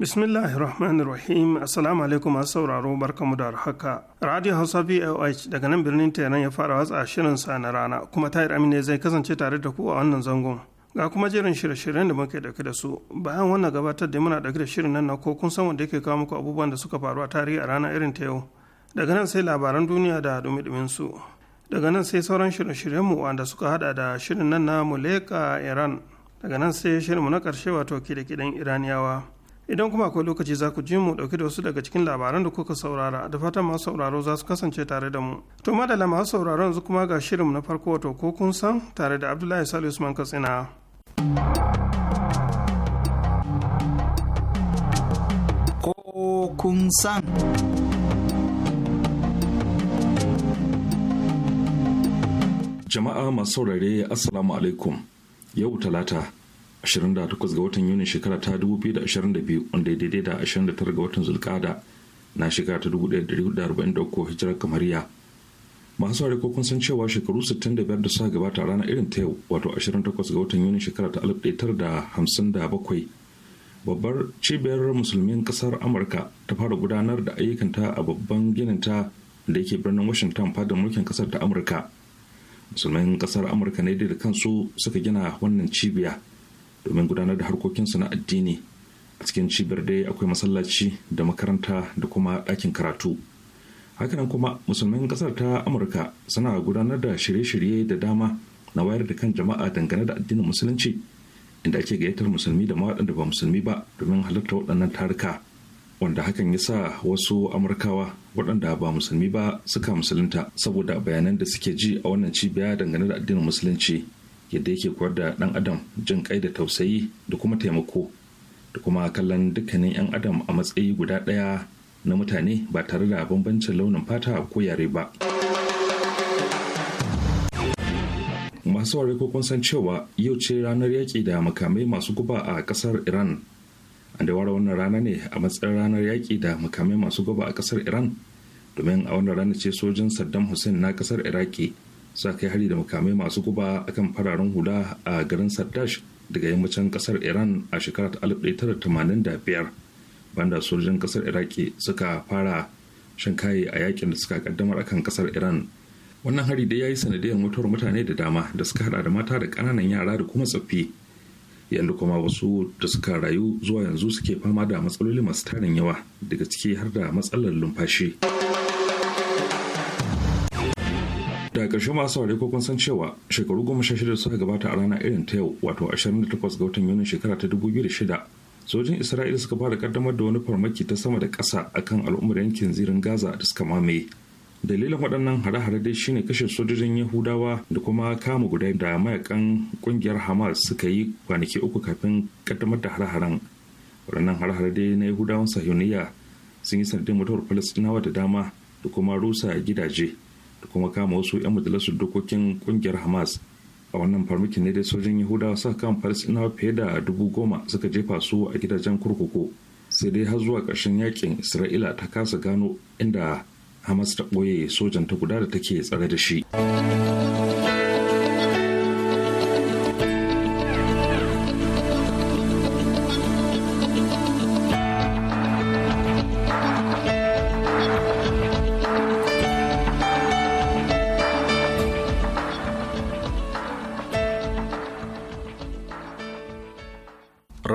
bismillahi Rahmanir Rahim. Assalamu alaikum masu sauraro barkamu da haka. Radio Hausa VOH daga nan birnin Tehran ya fara watsa shirin sa na rana kuma Tahir Amine zai kasance tare da ku a wannan zangon. Ga kuma jerin shirye-shiryen da muke dauke da su. Bayan wannan gabatar da muna dauke da shirin nan na ko kun san wanda yake kawo muku abubuwan da suka faru a tarihi a rana irin ta yau. Daga nan sai labaran duniya da dumi-dumin su. Daga nan sai sauran shirye-shiryen mu wanda suka hada da shirin nan na Muleka Iran. Daga nan sai shirin mu na karshe wato kide Iraniyawa. idan kuma akwai lokaci za ku ji mu dauke da wasu daga cikin labaran da kuka saurara da fatan masu sauraro za su kasance tare da mu to madalla masu sauraro yanzu kuma ga shirin na farko wato ko kun san tare da abdullahi salisu usman katsina ko kun san jama'a masu saurare assalamu alaikum yau talata 28 ga watan yuni shekara ta 2022 wanda ya daidai da 29 ga watan zulkada na shekara ta 1443 hijirar kamariya masu saurari ko kun san cewa shekaru 65 da suka gabata a ranar irin ta yau wato 28 ga watan yuni shekara ta 1957 babbar cibiyar musulmin kasar amurka ta fara gudanar da ayyukanta a babban gininta da yake birnin washington fadar mulkin kasar ta amurka musulmin kasar amurka ne da kansu suka gina wannan cibiya domin gudanar da harkokinsu na addini a cikin cibiyar dai akwai masallaci da makaranta da kuma ɗakin karatu hakanan kuma musulmin ƙasar ta amurka suna gudanar da shirye-shirye da dama na wayar da kan jama'a dangane da addinin musulunci inda ake gayyatar musulmi da da ba musulmi ba domin halarta waɗannan tarika wanda hakan ya sa wasu amurkawa waɗanda ba musulmi ba suka musulunta saboda bayanan da suke ji a wannan cibiya dangane da addinin musulunci yadda yake koyar da ɗan adam jin kai da tausayi da kuma taimako da kuma kallon dukkanin 'yan adam a matsayi guda ɗaya na mutane ba tare da bambancin launin fata ko yare ba masu ware ko kun san cewa yau ce ranar yaƙi da makamai masu guba a ƙasar iran an da ware wannan rana ne a matsayin ranar yaƙi da makamai masu guba a ƙasar iran domin a wannan rana ce sojin saddam hussein na ƙasar iraki sa kai hari da makamai masu guba akan fararen hula a garin sardash daga yammacin kasar iran a shekarar 1985 banda sojojin kasar iraki suka fara shan kayi a yakin da suka kaddamar akan kasar iran wannan hari da ya yi sanadiyar mutuwar mutane da dama da suka hada da mata da kananan yara da kuma tsaffi yadda kuma wasu da suka rayu zuwa yanzu suke fama da matsaloli masu tarin yawa daga ciki har da matsalar lumfashi. ƙarshe masu saurari ko kun san cewa shekaru goma sha shida suka gabata a rana irin ta yau wato 28 ga watan yunin shekara ta 2006 sojin isra'ila suka fara kaddamar da wani farmaki ta sama da ƙasa akan al'ummar yankin zirin gaza da suka mamaye dalilin waɗannan hare-hare dai shine kashe sojojin yahudawa da kuma kama guda da mayakan ƙungiyar hamas suka yi kwanaki uku kafin kaddamar da hare-haren waɗannan hare-hare dai na yahudawan sahiyoniya sun yi sanadin mutuwar falastinawa da dama da kuma rusa gidaje da kuma kama wasu 'yan majalisar dokokin kungiyar hamas a wannan farmakin ne dai sojin yahudawa suka kama falasɗinawa fiye da dubu goma suka jefa su a gidajen kurkuku sai dai har zuwa ƙarshen yakin isra'ila ta kasa gano inda hamas ta ɓoye sojan ta guda da take tsare da shi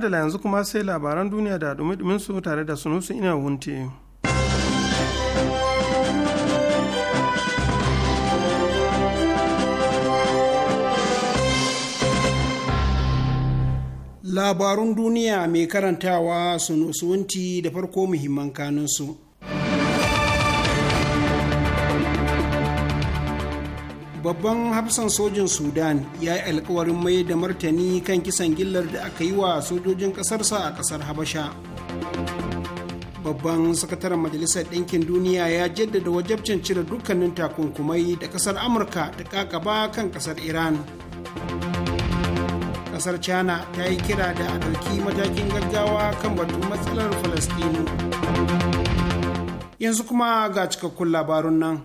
da yanzu kuma sai labaran duniya da dumi su tare da sunusu ina hunte. Labarun duniya mai karantawa sunusu wunti da farko muhimman kanunsu. babban hafsan sojin sudan ya yi alkawarin mai da martani kan kisan gillar da aka yi wa sojojin ƙasarsa a ƙasar habasha babban sakataren majalisar ɗinkin duniya ya jaddada wajabcin cire dukkanin takunkumai da ƙasar amurka da ƙaƙaba kan ƙasar iran ƙasar china ta yi kira da a ɗauki matakin gaggawa kan batu matsalar Falasɗinu. yanzu kuma ga cikakkun labarun nan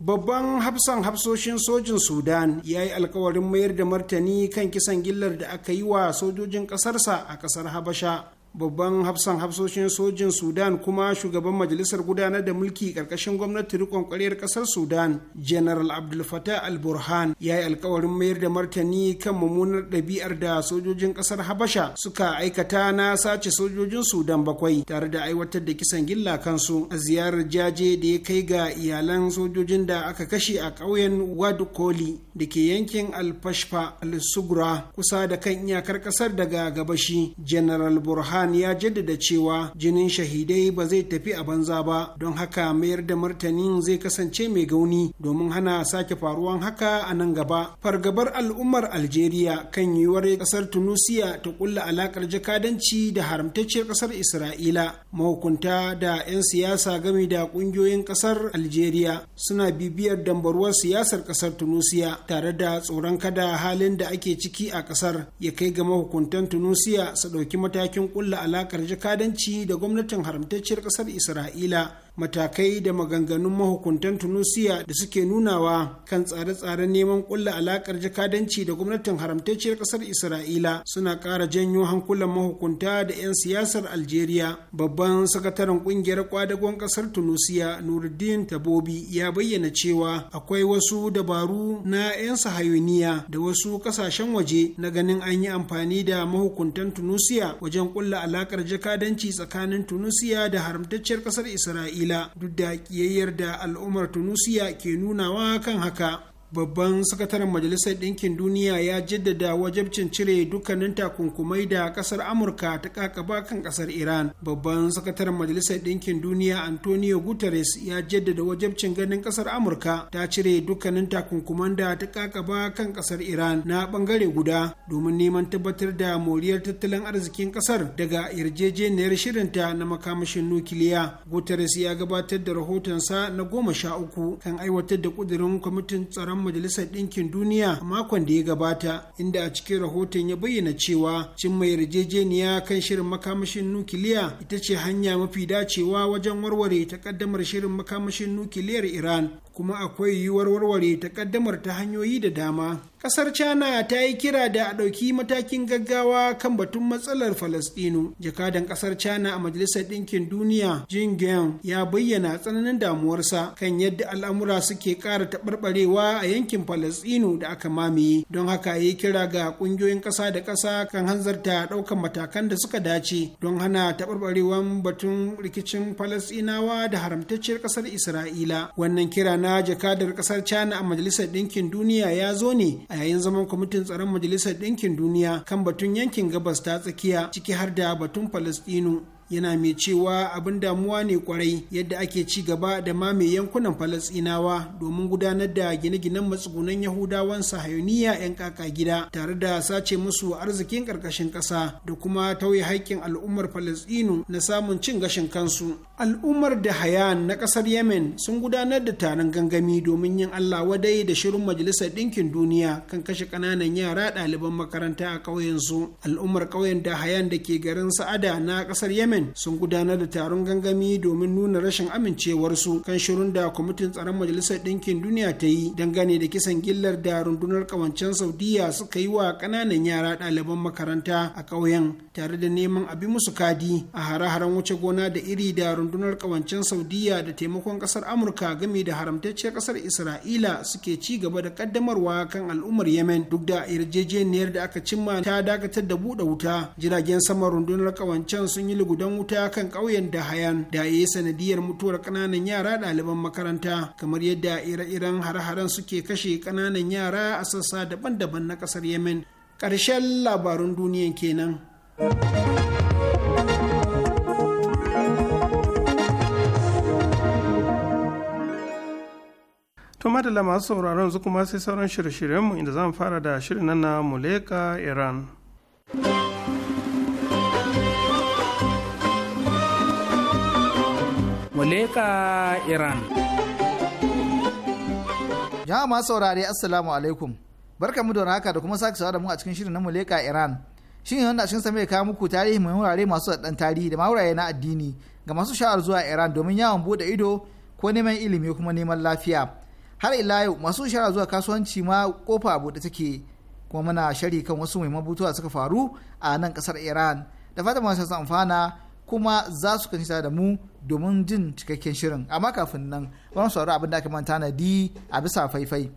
Babban hafsan hafsoshin sojin Sudan ya yi alkawarin mayar da martani kan kisan gillar da aka yi wa sojojin ƙasarsa a ƙasar Habasha. babban hafsan hafsoshin sojin sudan kuma shugaban majalisar gudanar da mulki karkashin gwamnati rikon kwaryar kasar sudan general abdul fatah al burhan ya yi alkawarin mayar da martani kan mummunar ɗabi'ar da sojojin kasar habasha suka aikata na sace sojojin sudan bakwai tare da aiwatar da kisan gilla kansu a ziyarar jaje da ya kai ga iyalan sojojin da aka kashe a ƙauyen wad koli da ke yankin al fashfa al sugra kusa da kan iyakar ƙasar daga gabashi general burhan Khan ya jaddada cewa jinin shahidai ba zai tafi a banza ba don haka mayar da martanin zai kasance mai gauni domin hana sake faruwan haka a nan gaba. Fargabar al'ummar Algeria kan yiwuwar kasar Tunusia ta kulla alakar jakadanci da haramtacciyar kasar Isra'ila mahukunta da 'yan siyasa game da kungiyoyin kasar Algeria suna bibiyar dambaruwar siyasar kasar Tunusia tare da tsoron kada halin da ake ciki a kasar ya kai ga mahukuntan Tunusia su ɗauki matakin kulla kulla alakar jakadanci da gwamnatin haramtacciyar ƙasar isra'ila matakai da maganganun mahukuntan tunisia da suke nunawa kan tsare-tsaren neman kulla alakar jakadanci da gwamnatin haramtacciyar kasar isra'ila suna ƙara janyo hankulan mahukunta da 'yan siyasar algeria babban sakataren ƙungiyar kwadagon ƙasar tunisia nuruddin tabobi ya bayyana cewa akwai wasu dabaru na 'yan sahayuniya da wasu ƙasashen waje na ganin an yi amfani da mahukuntan tunisia wajen kulla alakar jakadanci tsakanin tunisia da haramtacciyar ƙasar isra'ila ingila duk da ƙiyayyar da al'ummar tunusiya ke nunawa kan haka babban sakataren majalisar ɗinkin duniya ya jaddada wajabcin cire dukkanin takunkumai da ƙasar amurka ta kakaba kan ƙasar iran babban sakataren majalisar ɗinkin duniya antonio guterres ya jaddada wajabcin ganin ƙasar amurka ta cire dukkanin takunkuman da ta kakaba kan ƙasar iran na bangare guda domin neman tabbatar da moriyar tattalin arzikin ƙasar daga yarjejeniyar shirinta na makamashin nukiliya guterres ya gabatar da rahotonsa na goma sha uku kan aiwatar da ƙudurin kwamitin tsaron majalisar ɗinkin duniya a makon da ya gabata inda a cikin rahoton ya bayyana cewa cin mai yarjejeniya kan shirin makamashin nukiliya ita ce hanya mafi dacewa wajen warware takaddamar shirin makamashin nukiliyar iran kuma akwai yiwuwar warware takaddamar ta hanyoyi da dama kasar china ta yi kira da a ɗauki matakin gaggawa kan batun matsalar Falasɗinu. jakadan kasar china a majalisar ɗinkin duniya jin ya bayyana tsananin damuwarsa kan yadda al'amura suke ƙara taɓarɓarewa a yankin Falasɗinu da aka mamaye don haka ya yi kira ga ƙungiyoyin ƙasa da ƙasa kan hanzarta ɗaukan matakan da suka dace don hana taɓarɓarewan batun rikicin Falasɗinawa da haramtacciyar ƙasar isra'ila wannan kira na na jakadar kasar china a majalisar ɗinkin duniya ya zo ne a yayin zaman kwamitin tsaron majalisar ɗinkin duniya kan batun yankin gabas ta tsakiya ciki har da batun falastinu yana mai cewa abin damuwa ne kwarai yadda ake ci gaba da mame yankunan falasinawa domin gudanar da gine-ginen matsugunan yahudawan sahayoniya 'yan kaka gida tare da sace musu arzikin ƙarƙashin ƙasa da kuma tauye haƙƙin al'ummar falasinu na samun cin gashin kansu al'ummar da hayan na ƙasar yemen sun gudanar da taron gangami domin yin allah wadai da shirin majalisar ɗinkin duniya kan kashe ƙananan yara ɗaliban makaranta a ƙauyensu al'ummar ƙauyen da hayan da ke garin sa'ada na ƙasar yemen sun gudanar da taron gangami domin nuna rashin amincewarsu kan shirin da kwamitin tsaron majalisar ɗinkin duniya ta yi dangane da kisan gillar da rundunar ƙawancen saudiya suka yi wa ƙananan yara ɗaliban makaranta a ƙauyen tare da neman abin musu kadi a hare-haren wuce gona da iri da rundunar kawancen saudiya da taimakon kasar amurka game da haramtacciyar kasar isra'ila suke ci gaba da kaddamarwa kan al'ummar yemen duk da yarjejeniyar da aka cimma ta dakatar da buɗe wuta jiragen saman rundunar kawancen sun yi lugudan wuta kan ƙauyen hayan. da ya yi sanadiyar mutuwar ƙananan yara ɗaliban makaranta kamar yadda ire-iren har haren suke kashe ƙananan yara a sassa daban-daban na ƙasar yemen ƙarshen labarun duniyan kenan. To madalla masu sauraron yanzu kuma sai sauran shirye-shiryenmu inda zan fara da shirin nan na Muleka Iran. Muleka Iran. Jama'a masu saurare Assalamu alaikum. Barka mu da haka da kuma sake sawa da mu a cikin shirin na Muleka Iran. Shin yanzu a cikin sa mai kawo muku tarihi mai wurare masu da tarihi da mawuraye na addini ga masu sha'ar zuwa Iran domin yawon bude ido ko neman ilimi kuma neman lafiya. har ila yau masu shara zuwa kasuwanci ma kofa buɗe take kuma muna shari kan wasu muhimman butuwa suka faru a nan kasar iran da fata masu sun amfana kuma za su kanci da mu domin jin cikakken shirin amma kafin nan wani sauraro abin da aka manta na di a bisa faifai.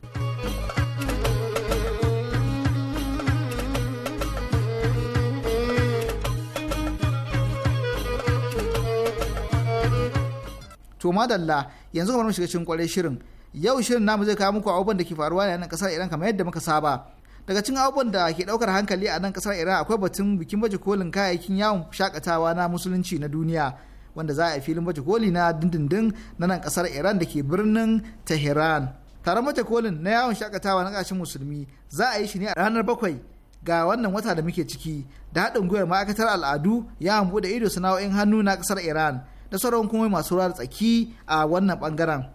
to madalla yanzu kamar mu shiga cikin kwarai shirin yau shirin namu zai kawo muku abubuwan da ke faruwa ne a nan kasar iran kamar yadda muka saba daga cikin abubuwan da ke daukar hankali a nan kasar iran akwai batun bikin baje kolin kayayyakin yawon shakatawa na musulunci na duniya wanda za a yi filin baje koli na dindindin na nan kasar iran da ke birnin tehran taron baje kolin na yawon shakatawa na kashin musulmi za a yi shi ne a ranar bakwai ga wannan wata da muke ciki da haɗin gwiwar ma'aikatar al'adu yawon buɗe ido sana'o'in hannu na kasar iran da sauran kuma masu ruwa tsaki a wannan bangaren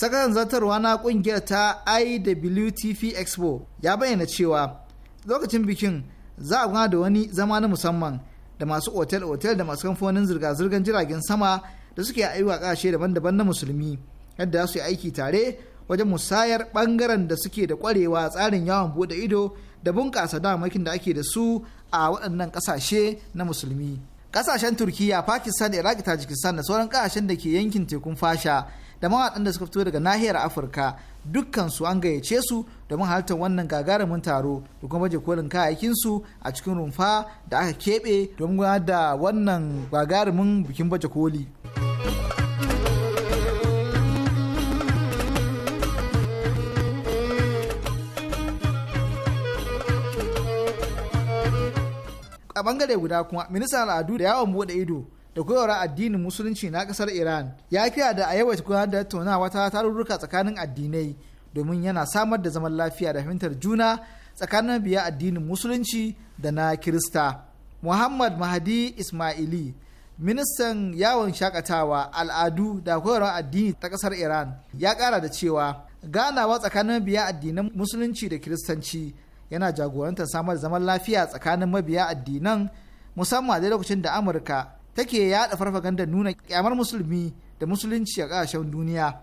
sakataren zartarwa na kungiyar ta iwtp expo ya bayyana cewa lokacin bikin za a gwana da wani zama na musamman da masu otel-otel da masu kamfanin zirga-zirgar jiragen sama da suke aiwa kashe daban-daban na musulmi yadda su yi aiki tare wajen musayar bangaren da suke da kwarewa tsarin yawon bude ido da bunƙasa damakin da ake da su a waɗannan ƙasashe na musulmi ƙasashen turkiya pakistan iraq tajikistan da sauran ƙasashen da ke yankin tekun fasha da mawaɗan da suka fito daga nahiyar afirka dukkan su an gayyace su domin halartar wannan gagarumin taro da kuma baje kolin kayayyakin su a cikin rumfa da aka keɓe domin gudanar da wannan gagarumin bikin baje koli. a bangare guda kuma ministan al'adu da yawon bude ido da koyarwar addinin musulunci na kasar iran ya kira da a yawaita gudanar da tattaunawa ta tarurruka tsakanin addinai domin yana samar da zaman lafiya da fahimtar juna tsakanin biya addinin musulunci da na kirista muhammad mahadi ismaili ministan yawon shakatawa al'adu da koyarwar addini ta kasar iran ya kara da cewa ganawa tsakanin biya addinan musulunci da kiristanci yana jagorantar samar da zaman lafiya tsakanin mabiya addinan musamman a lokacin da amurka take yada farfaganda nuna kyamar musulmi da musulunci a kasashen duniya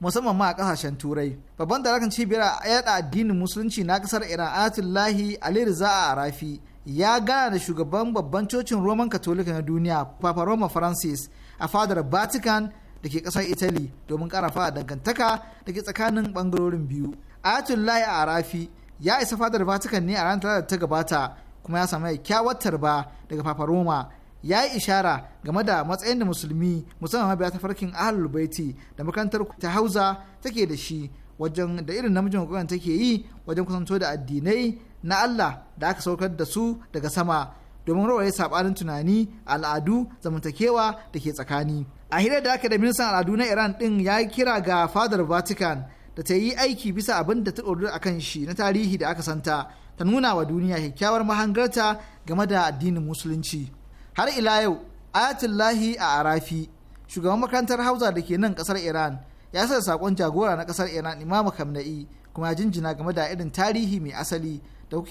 musamman ma a kasashen turai babban darakan cibiyar a yada addinin musulunci na kasar iran ayatullahi ali riza a arafi ya gana da shugaban babban cocin roman katolika na duniya papa roma francis a fadar vatican da ke kasar italy domin karafa dangantaka da ke tsakanin bangarorin biyu ayatullahi a arafi ya isa fadar vatican ne a ranar talata ta gabata kuma ya samu kyawatar ba daga papa roma ya yi ishara game da matsayin da musulmi musamman mabiya ta farkin ahlul baiti da makarantar ta hauza take da shi wajen da irin namijin kokarin take yi wajen kusanto da addinai na Allah da aka saukar da su daga sama domin rawaye sabanin tunani al'adu zamantakewa da ke tsakani a hirar da aka da ministan al'adu na iran din ya kira ga fadar vatican da ta yi aiki bisa abin da ta ɗoru a kan shi na tarihi da aka santa ta nuna wa duniya kyakkyawar mahangarta game da addinin musulunci har ila yau ayatullahi a arafi shugaban makarantar hausa da ke nan kasar iran ya sa saƙon jagora na kasar iran imamu kamna'i kuma jinjina game da irin tarihi mai asali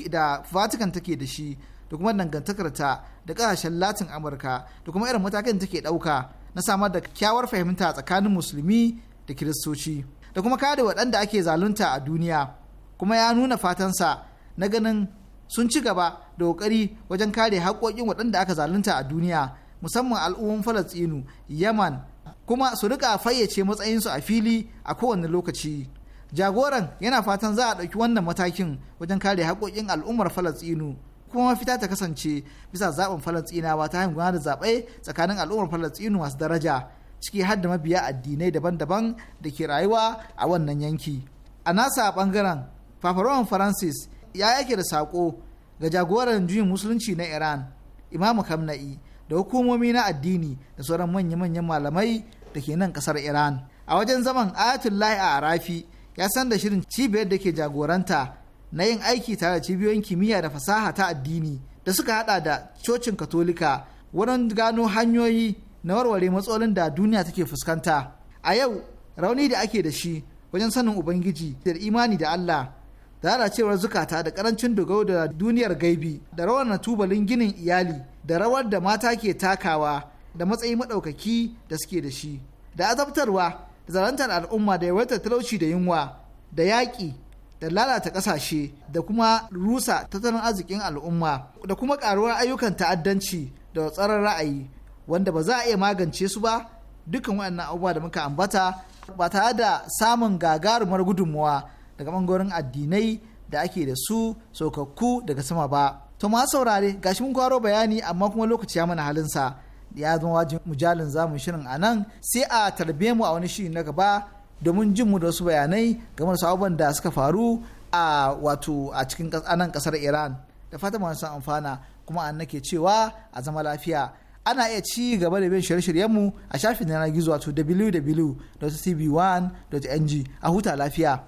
da vatican take da shi da kuma dangantakar ta da kasashen latin amurka da kuma irin matakin take dauka na samar da kyawar fahimta tsakanin musulmi da kiristoci da kuma kare waɗanda ake zalunta a duniya kuma ya nuna fatansa na ganin sun ci gaba da kokari wajen kare haƙoƙin waɗanda aka zalunta a duniya musamman al'umman falastinu yaman kuma su rika fayyace matsayinsu a fili a kowane lokaci jagoran yana fatan za a ɗauki wannan matakin wajen kare haƙoƙin al'ummar falastinu kuma mafita ta kasance bisa zaɓin falastinawa ta hanyar da zaɓe tsakanin al'ummar falastinu masu daraja ciki har da mabiya addinai daban-daban da ke rayuwa a wannan yanki a nasa ɓangaren fafarowan francis ya yake da sako ga jagoran juyin musulunci na iran imamu kamna'i da hukumomi na addini da sauran manya-manyan malamai da ke nan ƙasar iran a wajen zaman ayatullahi a arafi ya san da shirin cibiyar da ke jagoranta na yin aiki tare da cibiyoyin kimiyya da fasaha ta addini da suka hada da cocin katolika wurin gano hanyoyi na warware matsalolin da duniya take fuskanta a yau rauni da ake da shi wajen sanin ubangiji da imani da allah da lalacewar zukata da karancin dogaro da duniyar gaibi da rawar na tubalin ginin iyali da rawar da mata ke takawa da matsayi maɗaukaki da suke da shi da azabtarwa da zarantar al'umma da yawaitar talauci da yunwa da yaƙi da lalata ƙasashe da kuma rusa tattalin arzikin al'umma da kuma ƙaruwar ayyukan ta'addanci da tsaron ra'ayi wanda ba za a iya magance su ba dukkan waɗannan abubuwa da muka ambata ba tare da samun gagarumar gudunmuwa daga ɓangaren addinai da ake da su saukakku daga sama ba. To ma saurare gashi mun kwaro bayani amma kuma lokaci ya mana halinsa ya zama wajin mujalin zamun shirin a nan sai a tarbe mu a wani shiri na gaba domin jin mu da wasu bayanai game da abubuwan da suka faru a wato a cikin anan kasar Iran da fatan ma san amfana kuma an nake cewa a zama lafiya ana iya ci gaba da bin shirye-shiryenmu a shafin yanar gizo wato www.cb1.ng a huta lafiya.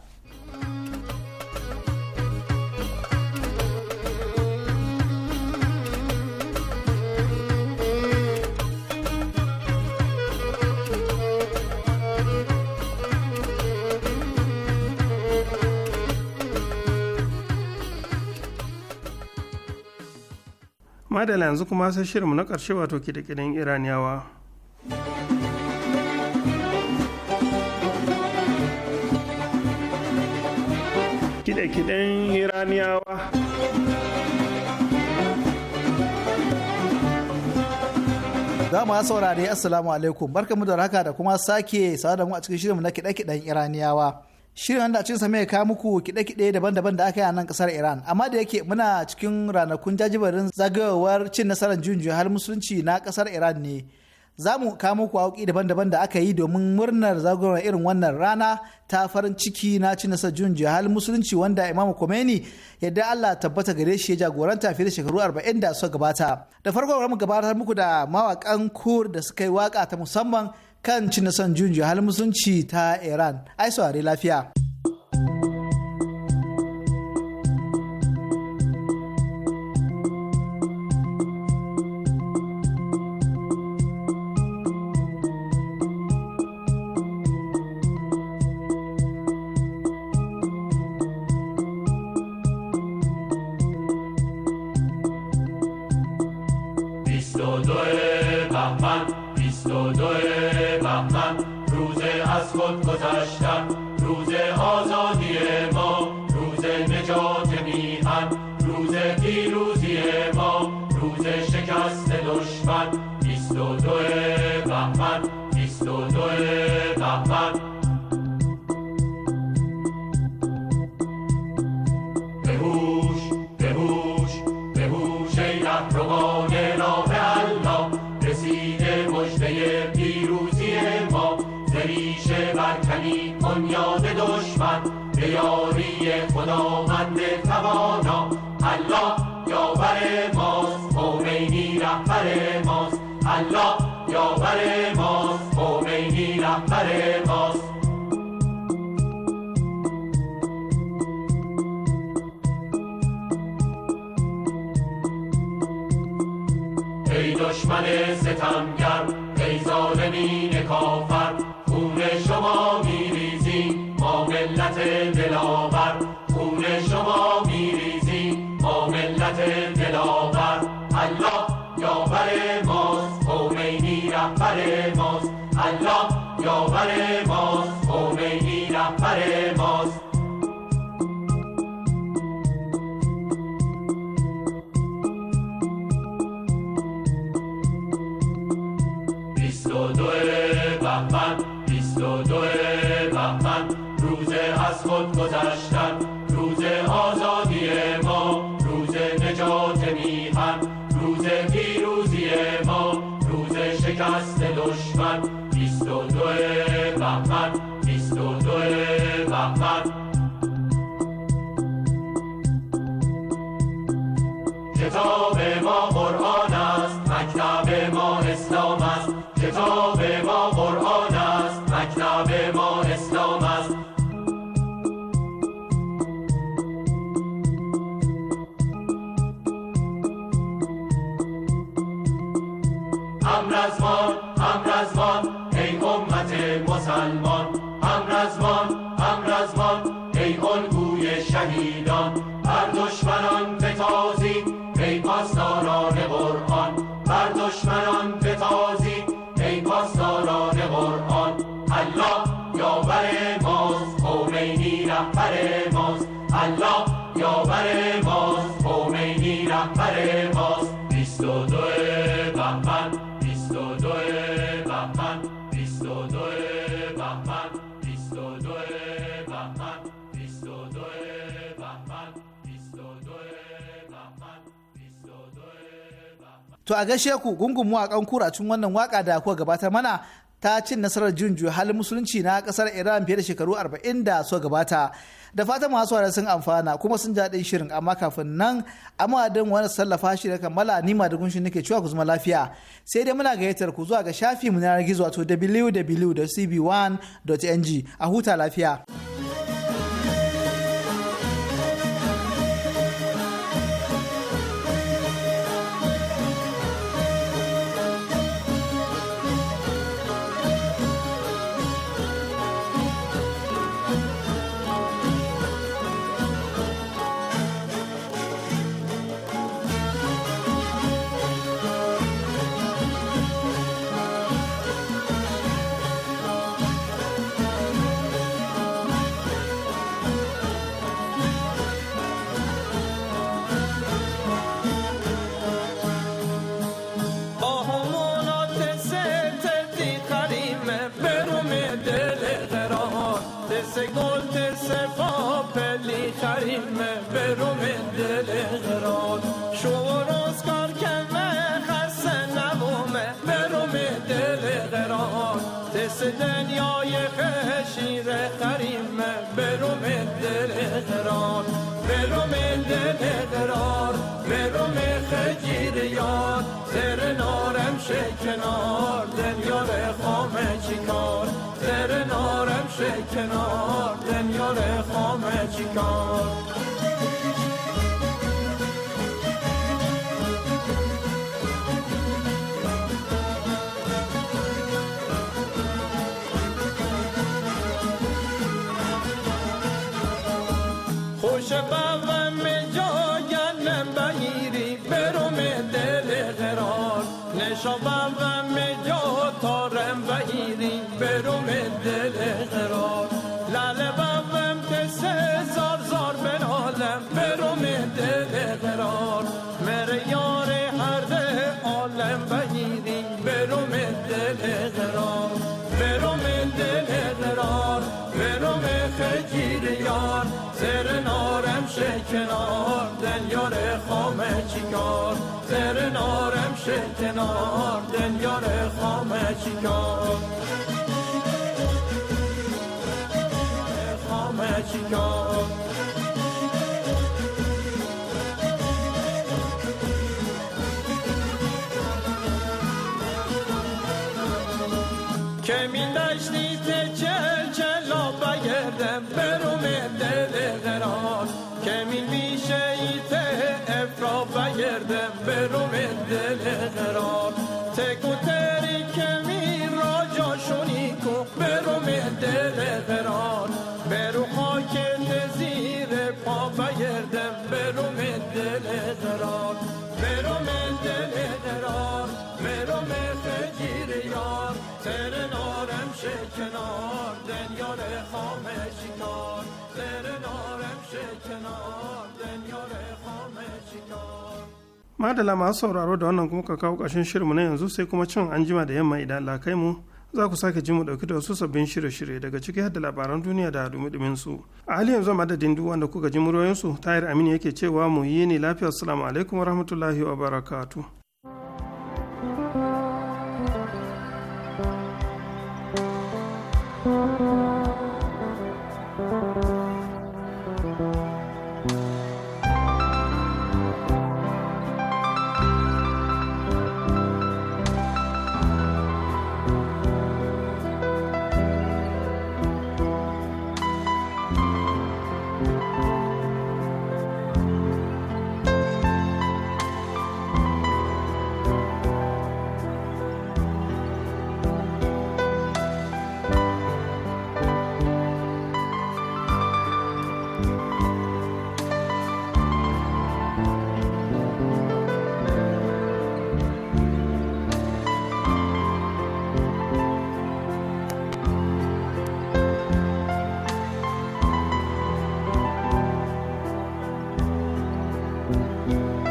madala yanzu kuma sai shirin na ƙarshe wato kiɗe-kiɗen iraniyawa kiɗe iraniyawa za mu saurare assalamu alaikum barkamu da haka da kuma sake sa da mu a cikin shirin na kiɗe-kiɗen iraniyawa shirin wanda cikin sa mai kawo muku kide-kide daban-daban da aka yi a nan kasar Iran amma da yake muna cikin ranakun jajibarin zagayowar cin nasarar junjun har musulunci na kasar Iran ne za mu kawo muku hauki daban-daban da aka yi domin murnar zagayowar irin wannan rana ta farin ciki na cin nasarar junjun har musulunci wanda Imam Khomeini yadda Allah tabbata gare shi ya jagoranta fiye da shekaru 40 da suka gabata da farko mu gabatar muku da mawakan kur da suka yi waka ta musamman kan cin nasan junju hal musunci ta iran ai saurari lafiya. You. دلاور خون شما ما اسلام To a gaishe ku gungun mawakan kuracin wannan waka da kuka gabatar mana ta cin nasarar jin halin musulunci na kasar Iran fiye da shekaru arba'in da suka gabata. Da fatan masu wada sun amfana kuma sun jaɗin shirin amma kafin nan amma wani sallafa shi da kammala ma da gunshin nake cewa ku zama lafiya. Sai dai muna gayyatar ku zuwa ga shafi mu na gizo wato www.cb1.ng a huta lafiya. سه گلد پلی خریم به روم دل غران شوراز کار کمه خس نبومه به روم دل غران تس دنیای خشیر خریم به روم دل غران به روم دل غران به روم خجیر یاد سر نارم شکنار دنیا به خامه چیکار سر نارم باشه کنار دنیار خامه چیکار خوش بابم جایم بگیری بروم دل قرار نشو بابم باشه کنار دلیار خامه چیکار خامه چیکار که می داشتی چل چلا بگردم برم دل قرار که می میشه ایت افرا بگردم دل قرار madala masu sauraro da wannan kuma ka kawo ƙarshen shirinmu na yanzu sai kuma cin anjima da yamma idan lakai mu za ku sake ji mu ɗauki da wasu sabbin shirye-shirye daga ciki har da labaran duniya da dumi su a hali yanzu madadin duk wanda kuka ji muryoyinsu tahir aminu yake cewa mu yi ne lafiya assalamu alaikum wa barakatu. you